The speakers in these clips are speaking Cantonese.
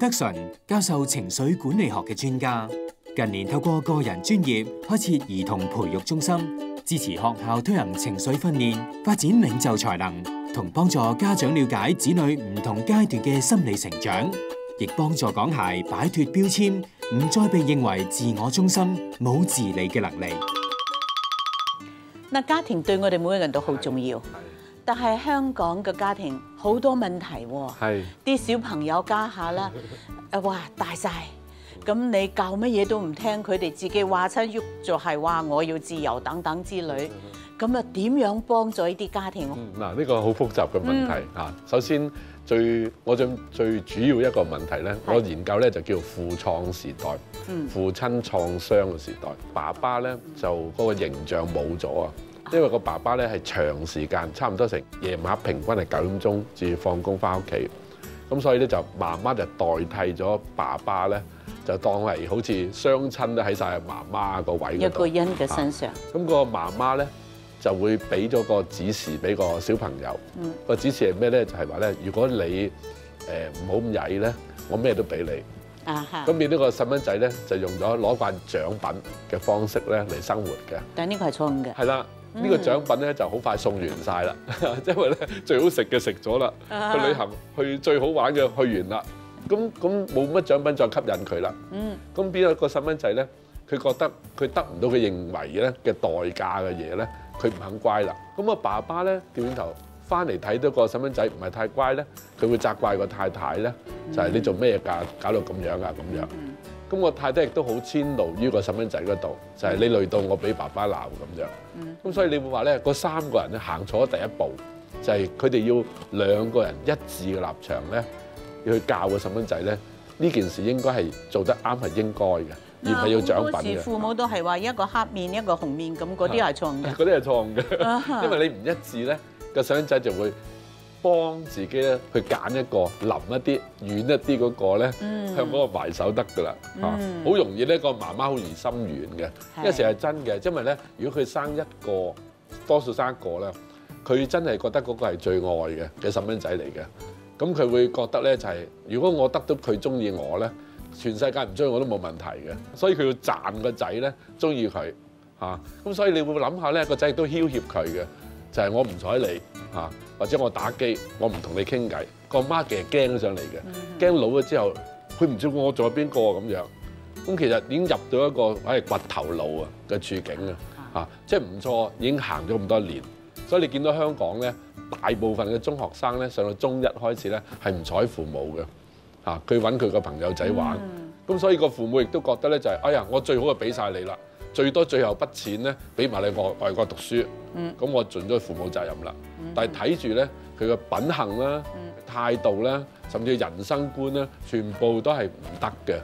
德純教授情緒管理學嘅專家，近年透過個人專業開設兒童培育中心，支持學校推行情緒訓練，發展領袖才能，同幫助家長了解子女唔同階段嘅心理成長，亦幫助港孩擺脫標籤，唔再被認為自我中心、冇自理嘅能力。嗱，家庭對我哋每個人都好重要，但係香港嘅家庭。好多問題喎，啲小朋友家下啦，啊話大晒。咁你教乜嘢都唔聽，佢哋自己話親喐就係話我要自由等等之類，咁啊點樣幫助呢啲家庭？嗱、嗯、呢、呢個好複雜嘅問題啊。嗯、首先最我最最主要一個問題咧，我研究咧就叫做父創時代，父親創傷嘅時代，爸爸咧就嗰個形象冇咗啊。因為個爸爸咧係長時間，差唔多成夜晚平均係九點鐘至放工翻屋企，咁所以咧就媽媽就代替咗爸爸咧，就當係好似雙親都喺晒媽媽個位嗰度，一個人嘅身上。咁、啊那個媽媽咧就會俾咗個指示俾個小朋友，個、嗯、指示係咩咧？就係話咧，如果你誒唔好咁曳咧，我咩都俾你。啊哈！咁變到個細蚊仔咧，就用咗攞慣獎品嘅方式咧嚟生活嘅。但係呢個係錯誤嘅。係啦。呢個獎品咧就好快送完晒啦，因為咧最好食嘅食咗啦，去旅行去最好玩嘅去完啦，咁咁冇乜獎品再吸引佢啦。嗯，咁變咗一個細蚊仔咧，佢覺得佢得唔到佢認為咧嘅代價嘅嘢咧，佢唔肯乖啦。咁我爸爸咧點頭。翻嚟睇到個細蚊仔唔係太乖咧，佢會責怪個太太咧、嗯，就係你做咩㗎？搞到咁樣啊咁樣。咁我太太亦都好遷怒於個細蚊仔嗰度，就係你累到我俾爸爸鬧咁樣。咁所以你會話咧，嗰三個人咧行錯咗第一步，就係佢哋要兩個人一致嘅立場咧，要去教個細蚊仔咧，呢件事應該係做得啱係應該嘅，而唔係要獎品嘅。父母都係話一個黑面一個紅面，咁嗰啲係錯嘅，嗰啲係錯嘅，因為你唔一致咧。個細仔就會幫自己咧去揀一個一，腍一啲軟一啲嗰個咧、嗯，向嗰個埋手得噶啦，嚇、嗯，好容易咧，個媽媽好易心軟嘅，一時係真嘅，因為咧如果佢生一個，多數生一個咧，佢真係覺得嗰個係最愛嘅嘅細蚊仔嚟嘅，咁佢會覺得咧就係、是，如果我得到佢中意我咧，全世界唔中意我都冇問題嘅，所以佢要賺個仔咧中意佢，嚇，咁、啊、所以你會唔會諗下咧個仔都脅脅佢嘅？就係、是、我唔睬你嚇，或者我打機，我唔同你傾偈。個阿媽其實驚上嚟嘅，驚老咗之後，佢唔知我仲有邊個咁樣。咁其實已經入到一個誒掘頭路啊嘅處境啊，嚇、嗯，即係唔錯，已經行咗咁多年。所以你見到香港咧，大部分嘅中學生咧，上到中一開始咧，係唔睬父母嘅嚇，佢揾佢個朋友仔玩。咁、嗯、所以個父母亦都覺得咧就係、是，哎呀，我最好就俾晒你啦。最多最後筆錢咧，俾埋你外外國讀書，咁、嗯、我盡咗父母責任啦、嗯。但係睇住咧，佢嘅品行啦、嗯、態度啦，甚至人生觀咧，全部都係唔得嘅。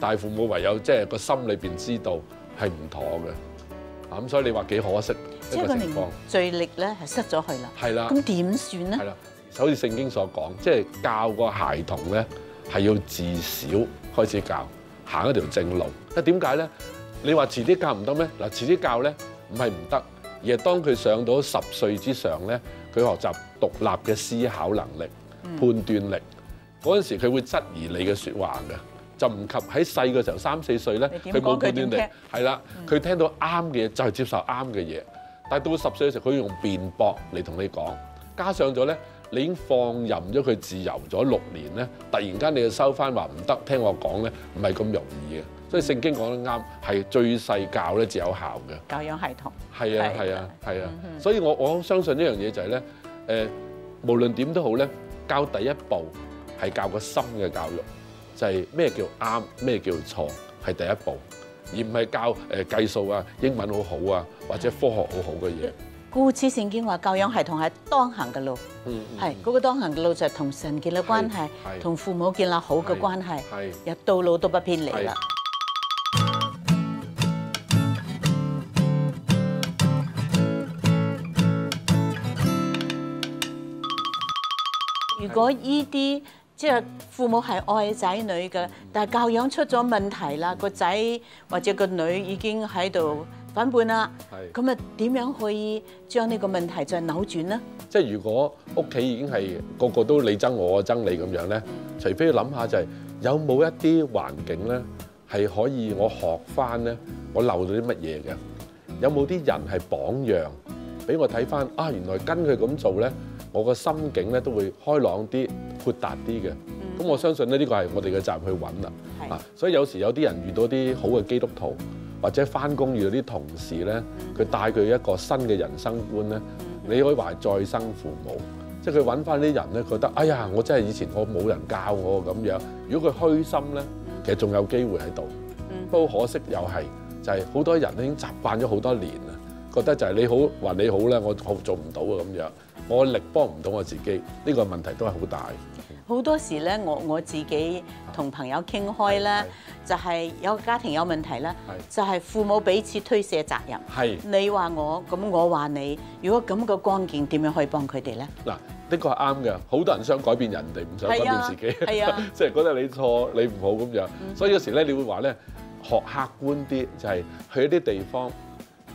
但父母唯有即係個心裏面知道係唔妥嘅。啊、嗯、咁，所以你話幾可惜一個情況，凝聚力咧係失咗去啦。係啦，咁點算咧？係啦，就好似聖經所講，即係教個孩童咧，係要自小開始教行一條正路。啊，點解咧？你話遲啲教唔得咩？嗱，遲啲教咧唔係唔得，而係當佢上到十歲之上咧，佢學習獨立嘅思考能力、嗯、判斷力。嗰陣時佢會質疑你嘅説話嘅，就唔及喺細嘅時候三四歲咧，佢冇判斷力。係啦，佢聽到啱嘅嘢就係、係、接受啱嘅嘢，但到十歲嘅時候佢用辯駁嚟同你講，加上咗咧。你已經放任咗佢自由咗六年咧，突然間你要收翻話唔得，聽我講咧，唔係咁容易嘅。所以聖經講得啱，係最細教咧至有效嘅教養系統。係啊係啊係啊，嗯、所以我我相信呢樣嘢就係、是、咧，誒無論點都好咧，教第一步係教個心嘅教育，就係、是、咩叫啱，咩叫錯，係第一步，而唔係教誒計數啊、英文好好啊或者科學好好嘅嘢。故此聖經話教養係同係當行嘅路，係嗰個當行嘅路就係同神建立關係，同父母建立好嘅關係，入到老都不偏離啦。如果依啲即係父母係愛仔女嘅，但係教養出咗問題啦，個仔或者個女已經喺度，反叛啦，咁啊點樣可以將呢個問題再扭轉呢？即係如果屋企已經係個個都你憎我，我憎你咁樣咧，除非要諗下就係、是、有冇一啲環境咧，係可以我學翻咧，我漏咗啲乜嘢嘅？有冇啲人係榜樣俾我睇翻啊？原來跟佢咁做咧，我個心境咧都會開朗啲、豁達啲嘅。咁、嗯、我相信咧，呢個係我哋嘅責任去揾啦。啊，所以有時候有啲人遇到啲好嘅基督徒。或者翻工遇到啲同事咧，佢帶佢一個新嘅人生觀咧，你可以話係再生父母，即係佢揾翻啲人咧，覺得哎呀，我真係以前我冇人教我咁樣。如果佢虛心咧，其實仲有機會喺度，嗯、不過可惜又係就係好多人已經習慣咗好多年啊，覺得就係你好話你好咧，我好做唔到啊咁樣，我力幫唔到我自己，呢個問題都係好大。好多時咧，我我自己同朋友傾開咧，就係、是、有個家庭有問題咧，就係、是、父母彼此推卸責任。係。你話我，咁我話你。如果咁嘅光景點樣可以幫佢哋咧？嗱，的確係啱嘅。好多人想改變人哋，唔想改變自己，即係 覺得你錯、你唔好咁樣。所以有時咧，你會話咧，學客觀啲，就係、是、去一啲地方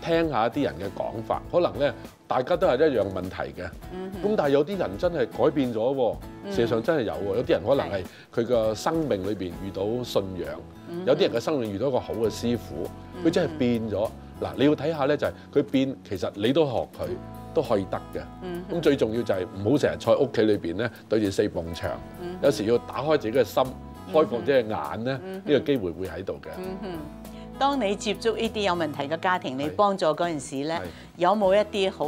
聽下一啲人嘅講法。可能咧。大家都係一樣問題嘅，咁、嗯、但係有啲人真係改變咗喎，事實上真係有喎、嗯，有啲人可能係佢個生命裏邊遇到信仰，嗯、有啲人嘅生命遇到一個好嘅師傅，佢、嗯、真係變咗。嗱，你要睇下咧，就係佢變，其實你都學佢都可以得嘅。咁、嗯、最重要就係唔好成日坐喺屋企裏邊咧，對住四埲牆、嗯，有時要打開自己嘅心，開放自己嘅眼咧，呢、嗯呢個機會會喺度嘅。嗯當你接觸呢啲有問題嘅家庭，你幫助嗰陣時咧，有冇一啲好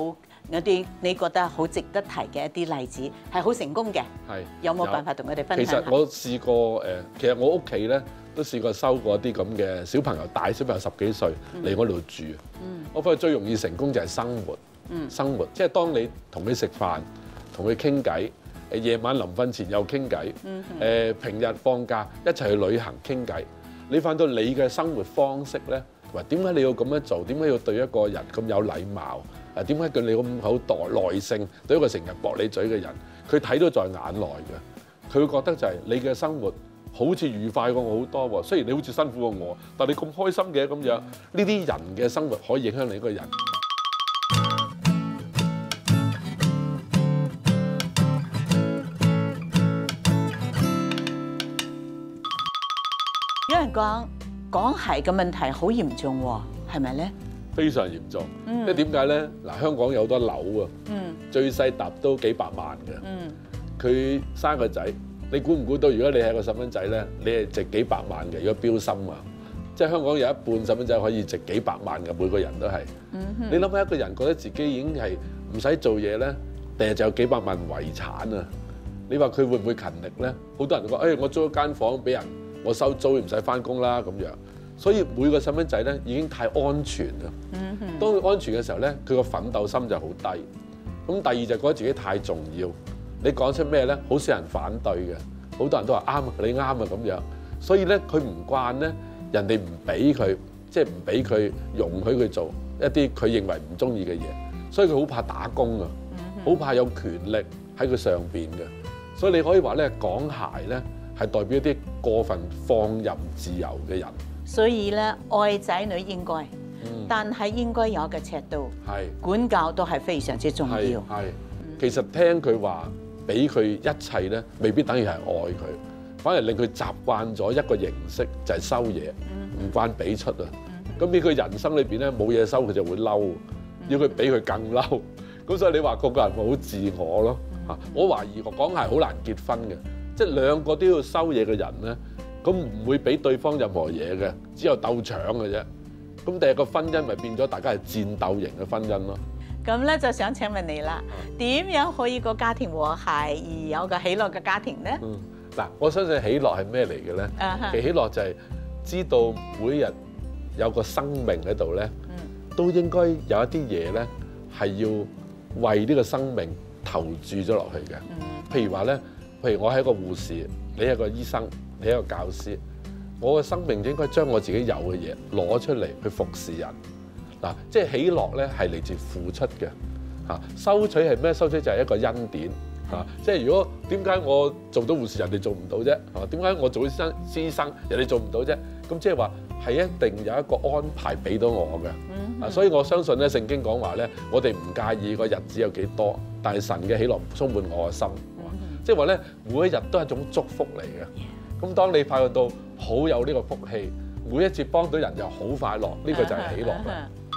有啲你覺得好值得提嘅一啲例子，係好成功嘅？係有冇辦法同佢哋分享？其實我試過誒，其實我屋企咧都試過收過一啲咁嘅小朋友，大小朋友十幾歲嚟我度住。嗯、我覺得最容易成功就係生活，生活即係當你同佢食飯，同佢傾偈，夜晚臨瞓前又傾偈，誒、嗯、平日放假一齊去旅行傾偈。你犯到你嘅生活方式咧，話點解你要咁樣做？點解要對一個人咁有禮貌？啊，點解對你咁好耐耐性對一個成日駁你嘴嘅人？佢睇到在眼內嘅，佢會覺得就係你嘅生活好似愉快過我好多喎。雖然你好似辛苦過我，但你咁開心嘅咁樣，呢啲人嘅生活可以影響你一個人。有人講港孩嘅問題好嚴重喎，係咪咧？非常嚴重，即係點解咧？嗱，香港有多樓啊，嗯、最細揼都幾百萬嘅，佢、嗯、生個仔，你估唔估到？如果你係個細蚊仔咧，你係值幾百萬嘅，如果飆升啊！即係香港有一半細蚊仔可以值幾百萬嘅，每個人都係。你諗下，一個人覺得自己已經係唔使做嘢咧，定係就有幾百萬遺產啊？你話佢會唔會勤力咧？好多人講：誒，我租一間房俾人。我收租唔使返工啦咁樣，所以每個細蚊仔咧已經太安全啦。Mm -hmm. 當佢安全嘅時候咧，佢個奮鬥心就好低。咁第二就覺得自己太重要。你講出咩咧，好少人反對嘅。好多人都話啱啊，你啱啊咁樣。所以咧，佢唔慣咧，人哋唔俾佢，即係唔俾佢容許佢做一啲佢認為唔中意嘅嘢。所以佢好怕打工啊，好、mm -hmm. 怕有權力喺佢上邊嘅。所以你可以話咧，港孩咧。係代表啲過分放任自由嘅人，所以咧愛仔女應該，但係應該有嘅尺度，管教都係非常之重要。係，其實聽佢話俾佢一切咧，未必等於係愛佢，反而令佢習慣咗一個形式就係收嘢，唔慣俾出啊。咁俾佢人生裏邊咧冇嘢收，佢就會嬲，要佢俾佢更嬲。咁所以你話個個人會好自我咯嚇，我懷疑我講係好難結婚嘅。即係兩個都要收嘢嘅人咧，咁唔會俾對方任何嘢嘅，只有鬥搶嘅啫。咁第二個婚姻咪變咗大家係戰鬥型嘅婚姻咯。咁咧就想請問你啦，點樣可以個家庭和諧而有個喜樂嘅家庭咧？嗱，我相信喜樂係咩嚟嘅咧？啊哈！其喜樂就係知道每日有個生命喺度咧，都應該有一啲嘢咧係要為呢個生命投注咗落去嘅。嗯，譬如話咧。譬如我係一個護士，你係個醫生，你係個教師，我嘅生命應該將我自己有嘅嘢攞出嚟去服侍人。嗱、啊，即係喜樂咧係嚟自付出嘅，嚇、啊、收取係咩？收取就係一個恩典，嚇、啊、即係如果點解我做到護士，人哋做唔到啫？嚇，點解我做醫生，醫生人哋做唔到啫？咁即係話係一定有一個安排俾到我嘅，啊所以我相信咧聖經講話咧，我哋唔介意個日子有幾多，但係神嘅喜樂充滿我嘅心。即係話咧，每一日都係一種祝福嚟嘅。咁、yeah. 當你發覺到好有呢個福氣，每一次幫到人又好快樂，呢、這個就係喜樂。Uh -huh. Uh -huh.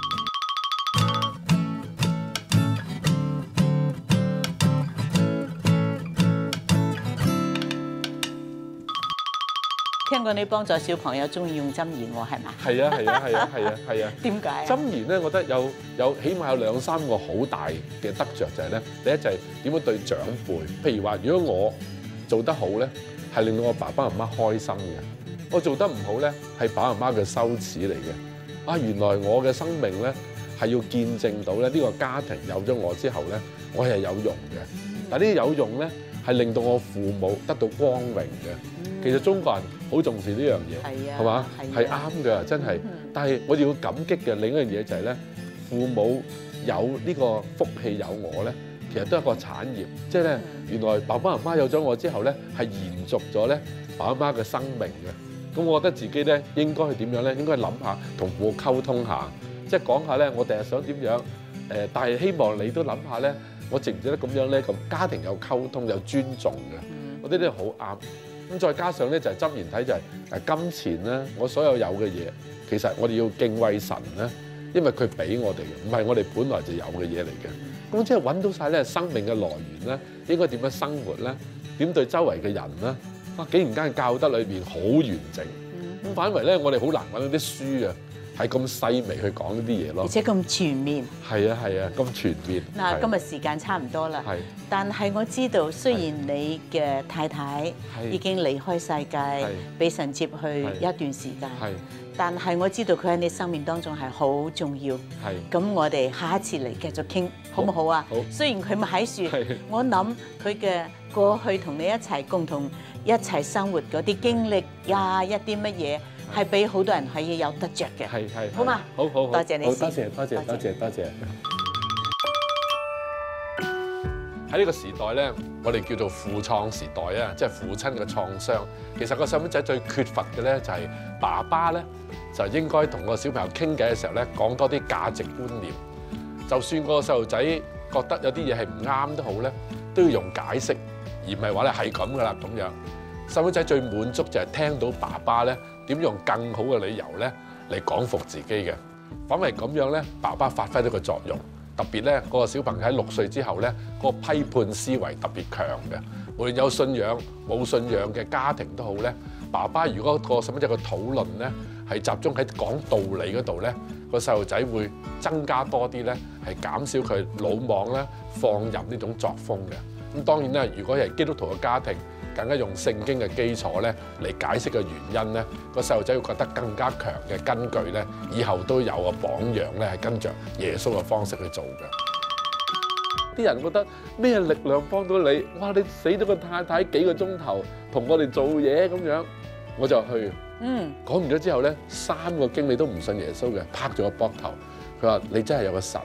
聽過你幫助小朋友中意用箴言喎，係嘛？係啊係啊係啊係啊係啊！點解箴言咧？啊啊啊啊、我覺得有有起碼有兩三個好大嘅得着，就係、是、咧，第一就係點樣對長輩。譬如話，如果我做得好咧，係令到我爸爸媽媽開心嘅；我做得唔好咧，係爸爸媽媽嘅羞恥嚟嘅。啊，原來我嘅生命咧係要見證到咧呢個家庭有咗我之後咧，我係有用嘅、嗯。但係呢啲有用咧係令到我父母得到光榮嘅。其實中國人好重視呢樣嘢，係嘛？係啱㗎，真係。但係我哋要感激嘅另一樣嘢就係咧，父母有呢個福氣有我咧，其實都係一個產業，即係咧原來爸爸媽媽有咗我之後咧，係延續咗咧爸爸媽媽嘅生命嘅。咁我覺得自己咧應該去點樣咧？應該諗下同父母溝通下，即係講下咧，我第日想點樣誒？但係希望你都諗下咧，我值唔值得咁樣咧？咁家庭有溝通有尊重嘅，我覺得呢個好啱。咁再加上咧就係執然睇就係誒金錢咧，我所有有嘅嘢，其實我哋要敬畏神咧，因為佢俾我哋嘅，唔係我哋本來就有嘅嘢嚟嘅。咁即係揾到晒咧生命嘅來源咧，應該點樣生活咧？點對周圍嘅人咧？哇！竟然間教得裏面好完整，咁反為咧我哋好難揾到啲書啊！係咁細微去講呢啲嘢咯，而且咁全面。係啊係啊，咁全面。嗱，今日時間差唔多啦。係。但係我知道，雖然你嘅太太已經離開世界，俾神接去一段時間，但係我知道佢喺你生命當中係好重要。係。咁我哋下一次嚟繼續傾，好唔好啊？好。雖然佢唔喺度，我諗佢嘅過去同你一齊共同一齊生活嗰啲經歷呀，一啲乜嘢。係俾好多人可以有得着嘅，係係好嘛，好好多謝你，多謝多謝，多謝多謝。喺呢個時代咧，我哋叫做父創時代啊，即係父親嘅創傷。其實個細蚊仔最缺乏嘅咧就係爸爸咧，就應該同個小朋友傾偈嘅時候咧，講多啲價值觀念。就算個細路仔覺得有啲嘢係唔啱都好咧，都要用解釋，而唔係話咧係咁噶啦咁樣。細蚊仔最滿足就係聽到爸爸咧，點用更好嘅理由咧嚟講服自己嘅，反為咁樣呢爸爸發揮咗個作用。特別呢、個小朋友喺六歲之後呢、個批判思維特別強嘅。無論有信仰、冇信仰嘅家庭都好呢，爸爸如果個什麼嘅個討論咧，係集中喺講道理嗰度呢、個細路仔會增加多啲呢，係減少佢魯莽咧放任呢種作風嘅。咁當然啦，如果係基督徒嘅家庭。更加用聖經嘅基礎咧嚟解釋嘅原因咧，個細路仔會覺得更加強嘅根據咧，以後都有個榜樣咧，係跟著耶穌嘅方式去做嘅。啲人覺得咩力量幫到你？哇！你死咗個太太幾個鐘頭，同我哋做嘢咁樣，我就去。嗯。講完咗之後咧，三個經理都唔信耶穌嘅，拍咗個膊頭，佢話：你真係有個神。